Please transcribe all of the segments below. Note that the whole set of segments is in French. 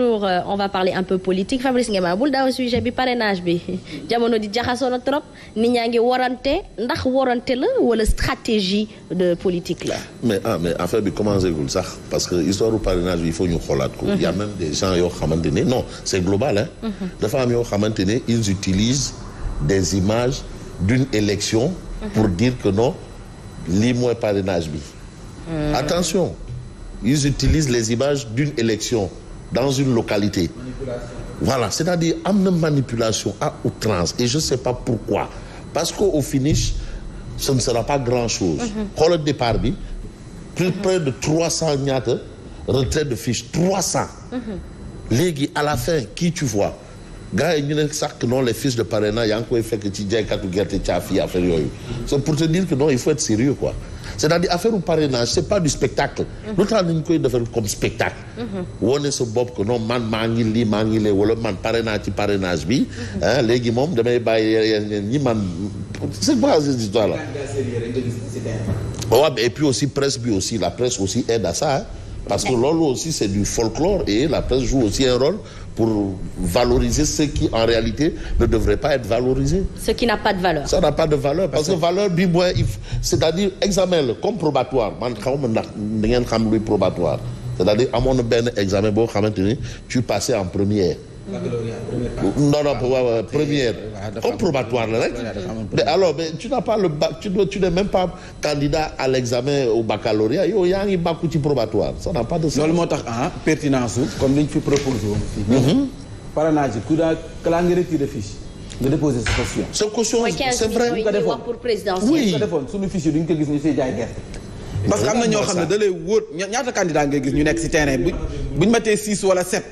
Euh, on va parler un peu politique Fabrice Ngema avez daaw sujet bi parrainage bi diamono di jaxasoo na trop nit ñaa ngi warante ndax warante la wala stratégie de politique là. mais ah mais affaire bi commencer, vous sax parce que histoire du parrainage il faut ñu xoolaat Il y a mhm. même des gens qui ont ne non c'est global hein. Mhm. dafa am ont xamante ils utilisent des images d'une élection. Mhm. pour dire que non les moins parrainage bi. Euh. attention ils utilisent les images d'une élection dans une localité. Voilà, c'est-à-dire même manipulation à outrance. Et je ne sais pas pourquoi. Parce qu'au finish, ce ne sera pas grand-chose. Quand mhm. le départ, plus mhm. près de 300 retrait de fiches, 300. Mm à la fin, qui tu vois gars ñu ne sàkk non les fils de parrainage yaa fait que fekk ci jaaykatu gerte caaf yi affaire yooyu. c'est pour te dire que non il faut être sérieux quoi. c'est-à-dire affaire au parrainage c'est pas du spectacle. lu tax nañu koy faire comme spectacle. est ce bob que non man mangi l'i mangi maa ngi lee wala man pare naa ci parrainage bi. Hein, léegi moom damay y a ñi man c'est quoi cette histoire là. waaw et puis aussi presse bi aussi la presse aussi aide à ça hein. parce que l'OLO aussi c'est du folklore et la presse joue aussi un rôle pour valoriser ce qui, en réalité, ne devrait pas être valorisé. Ce qui n'a pas de valeur. Ça n'a pas de valeur. Parce, que valeur, c'est-à-dire, examen le, comme probatoire. C'est-à-dire, à mon examen, tu passais en première. Mm-hmm. non non waaw euh, première comme probatoire la rek mais alors mais tu n'as pas le bac tu tu n'es même pas candidat à l'examen au baccalauréat Il y a bàkku bac probatoire ça n'a pas de sens loolu moo tax ah pertinence comme liñ fi proposé woon fii mm-hmm. parrainage yi ku daa de laa ngi retiré fiche nga déposé sa caution sa caution c'est vrai bu ko defoon oui ko defoon suñu fiche yi duñ ko gis ñu parce que am na ñoo xam ne da lay wóor ñaata candidat ngay gis ñu nekk si terrain êtes maté 6 wala sept.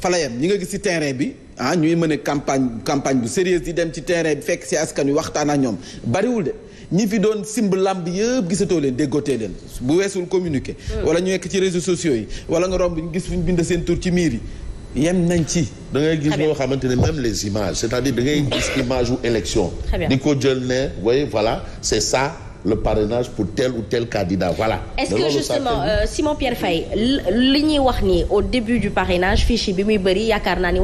fa ñi ci terrain bi ah ñuy mëne campagne campagne sérieuse di dem ci terrain bi fekk ci askan waxtaan ak bariwul de ñi fi doon simb lamb vous leen dégoté leen bu wessul communiquer. Hmm. wala ñu nekk ci réseaux sociaux wala nga romb ñu gis fuñ bind seen ci yi. nañ ci. da ngay gis vous même les images c'est-à-dire da ngay gis image ou élection. diko jël voilà c'est ça le parrainage pour tel ou tel candidat. Voilà. Est-ce que justement, euh, Simon Pierre Fay, li au début du parrainage Fiché, bi muy bëri yaakaar ni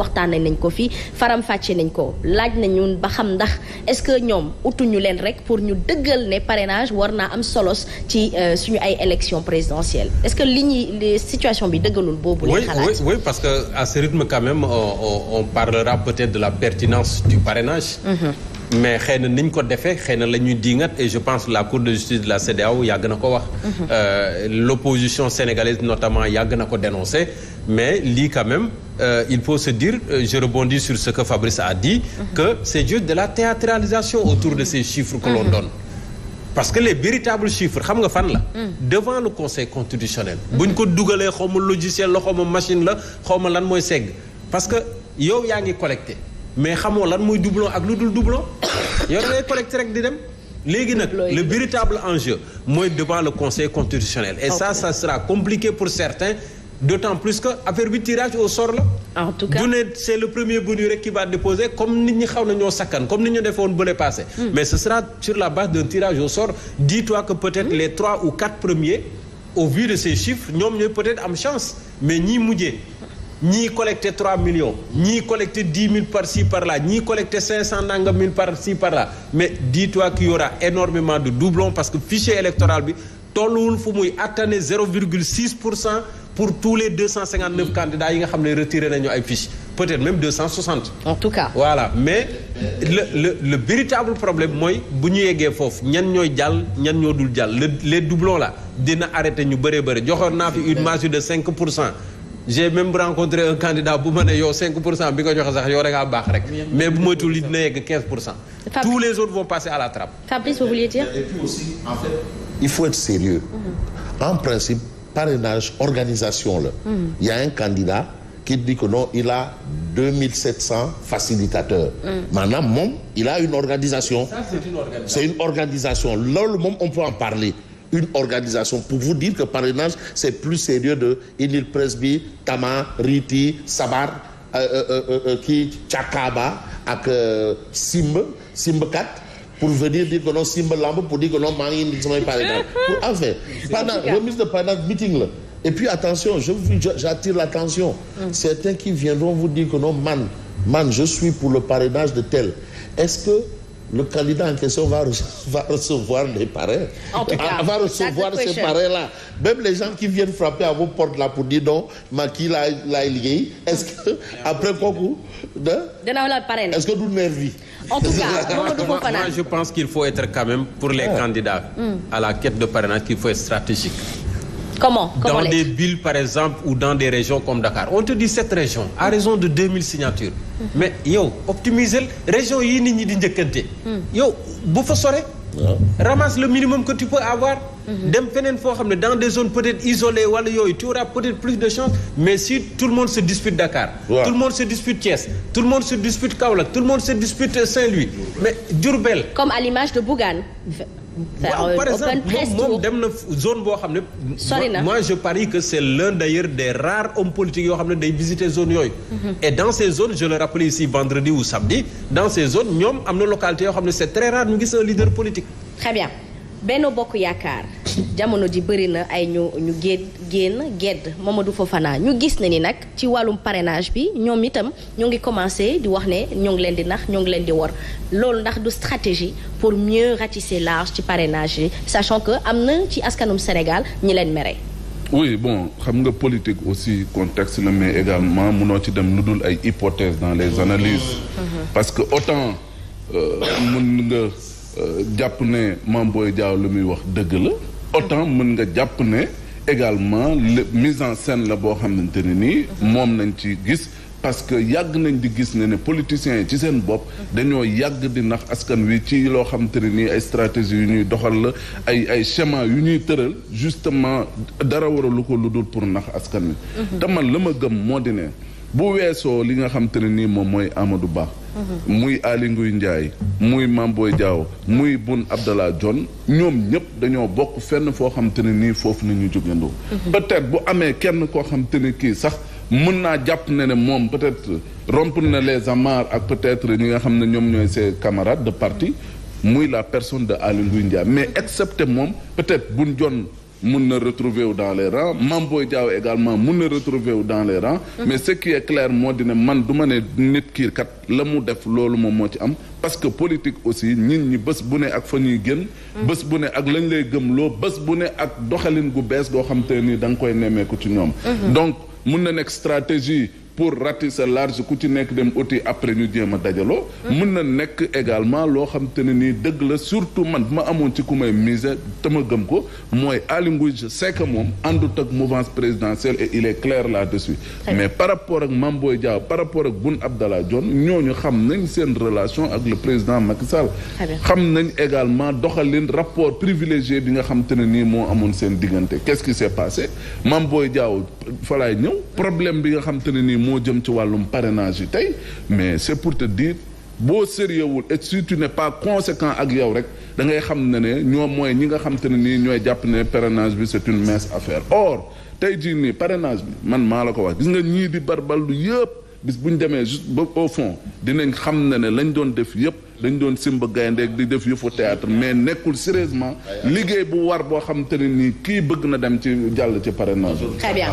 faram fàcce Nenko, ko laaj Baham, ba est-ce que ñoom utuñu les rek pour nous dëggal le parrainage warna am solos ci euh, suñu ay élection présidentielle est-ce que li les situation bi dëggalul boobu. les xalaat oui oui parce que à ce rythme quand même on, on, parlera peut-être de la pertinence du parrainage. -hmm mais xëy na niñ ko defee xëy na la ñuy diingat et je pense la cour de justice de la CEDEAO yàgg na ko wax mhm. euh, l'opposition sénégalaise notamment yàgg na ko dénoncé. mais lii quand même euh, il faut se dire euh, je rebondis sur ce que Fabrice a dit mhm. que c'est juste de la théâtralisation autour de ces chiffres que l'on mhm. donne parce que les véritables chiffres xam nga fan la devant le conseil constitutionnel buñ ko dugalee xaw ma logiciel la xaw ma machine la xaw ma lan mooy segg parce que yow yaa ngi collecté mais xamoo lan mooy doublon ak lu dul doublon yow da ngay rek di dem le véritable enjeu mooy devant le conseil constitutionnel et ça ça sera compliqué pour certains d'autant plus que affaire tirage au sort en tout cas c'est le premier bon qui va déposer comme nous, ñi xaw na comme nous, ñu defoon passé hmm. mais ce sera sur la base d'un tirage au sort dis-toi que peut-être hmm. les trois ou quatre premiers au vu de ces chiffres nous ñooy peut-être am chance mais ñi mujjee ni collecter 3 millions ni collecter 10 000 par ci par là ni collecter 500 000 par ci par là mais dis-toi qu'il y aura énormément de doublons parce que le fichier électoral il faut atteindre 0,6 pour tous les 259 candidats qui nga peut-être même 260. en tout cas voilà mais le le le véritable problème c'est que ñu yeggee ñan les doublons là dina arrêté ñu bëree bëri une marge de 5 j'ai même rencontré un candidat pour ma 5 pour en joxe sax mais bu a 15 tous les autres vont passer à la trappe. Fabrice vous vouliez dire. et aussi en fait. il faut être sérieux. Mm-hmm. en principe parrainage organisation là. Mm-hmm. il y a un candidat qui dit que non il a 2700 facilitateurs. Mm. maintenant il a une organisation. ça c'est une organisation. c'est une organisation on peut en parler une organisation. Pour vous dire que parrainage, c'est plus sérieux de Inil Presby, Tama, Riti, Sabar, euh, euh, euh, qui, Chakaba, avec Simbe, 4 pour venir dire que non, simb Lambe, pour dire que non, Marie, ils sont parrainage. Pour, enfin, pendant, remise de parrainage, meeting là. Et puis attention, j'attire l'attention. Certains qui viendront vous dire que non, man, man, je suis pour le parrainage de tel. Est-ce que le candidat en question va, recevoir des parrains. En tout cas, ah, va recevoir ces parrains-là. Même les gens qui viennent frapper à vos portes là pour dire non, qui l'a éligé. est-ce que, après pourquoi de, de est-ce que nous nervis En tout cas, je pense qu'il faut être quand même, pour les ah. candidats, hmm. à la quête de parrainage, qu'il faut être stratégique. Comment, Dans des villes, par exemple, ou dans des régions comme Dakar. On te dit cette région, à mm. raison de 2000 signatures. Mm-hmm. Mais, yo, optimisez région yi ni Yo, bouffe soirée. Ramasse le minimum que tu peux avoir. Mm-hmm. Dem fenen dans des zones peut-être isolées tu auras peut-être plus de chance mais si tout le monde se dispute Dakar, tout le monde se dispute Thiès, tout le monde se dispute Kaolack, tout le monde se dispute Saint-Louis, mais Durbel. Comme à l'image de Bougane par euh, exemple moi je parie que c'est l'un d'ailleurs des rares hommes politiques qui ont visité day visiter zone mhm. et dans ces zones je le rappelle ici vendredi ou samedi dans ces zones nous avons une localité c'est très rare Nous un leader politique. très bien. Benno Bokk Yaakaar jamono ji bëri na ay ñu ñu génn génn gedd Mamadou Fofana ñu gis ne ni nag ci wàllum parrainage bi ñoom itam ñoo ngi commencé di wax ne ñoo ngi leen di nax ñoo ngi leen di wor loolu ndax du stratégie pour mieux ratisser large ci parrainage yi sachant que am na ci askanum Sénégal ñi leen mere. oui bon xam nga politique aussi contexte la mais également munoo ci dem lu dul ay hypothèses dans les analyses. Mhm. parce que autant euh, mun nga. jàpp ne Mame Boye Diao lu muy wax dëgg la autant mën nga jàpp ne également mise en scène la boo xamante ne nii moom nañ ci gis parce que yàgg nañ di gis ne ne politiciens yi ci seen bopp dañoo yàgg di nax askan wi ci loo xam te ne nii ay stratégie yu ñuy doxal la ay ay schéma yu ñuy tëral justement dara waralu ko lu dul pour nax askan wi te mm-hmm. man la ma gëm moo di ne bu weesoo li nga xam te ne nii moom mooy amadu Ba. muy Aly Ngouille Ndiaye muy Mame Boye Diao muy Boun Abdallah Dionne ñoom ñëpp dañoo bokk fenn foo xam te ne nii foofu nañu jógandoo mhm. peut-être bu amee kenn koo xam te kii sax mën naa jàpp ne ne moom peut-être romp na les amarres ak peut-être ñi nga xam ne ñoom ñooy ses camarades de parti muy la personne de Aly Ngouille Ndiaye mais excepté moom peut-être Boun Dionne mun ne retrouver dans les rangs Mamboy également retrouver dans les rangs mhm. mais ce qui est clair Moi je ne man du ne kat parce que politique aussi ni ñi bu ne ak fa mhm. bu ne ak lañ lay bu ne ak doxalin mhm. donc stratégie pour ratisser large ku ci nekk dem uti après ñu jéem a dajaloo. mën na nekk également loo xam te ne nii dëgg la surtout man ma amoon ci ku may mise te ma gëm ko mooy suis en train moom faire ak mouvance présidentielle et il est clair là-dessus. mais par rapport ak Mamboy Diaw, par rapport ak Boun Abdallah nous ñooñu xam nañ seen relation ak le président Macky Sall. xam nañ également doxalin rapport privilégié bi nga xam te ne nii moo amoon seen qu'est-ce qui s'est passé Mame Boye Diao fa laay ñëw problème bi nga xam te ne moo jëm ci wàllum parrainage yi mais c'est pour te dire beau sérieux wul et si tu n'es pas conséquent ak yow rek da ngay xam ne ne ñoom mooy ñi nga xam te ne nii ñooy jàpp ne parrainage bi c'est une mince affaire or tey jii nii parrainage bi man maa la ko wax gis nga ñii di barballu yëpp bis buñ démé juste au fond dinañ xam na ne lañ doon def yépp lañ doon simba gayndeeg di def yëfu théâtre mais nekkul sérieusement liggéey bu war bo xam tane ni ki bëgg na dem ci jall ci parrainage bi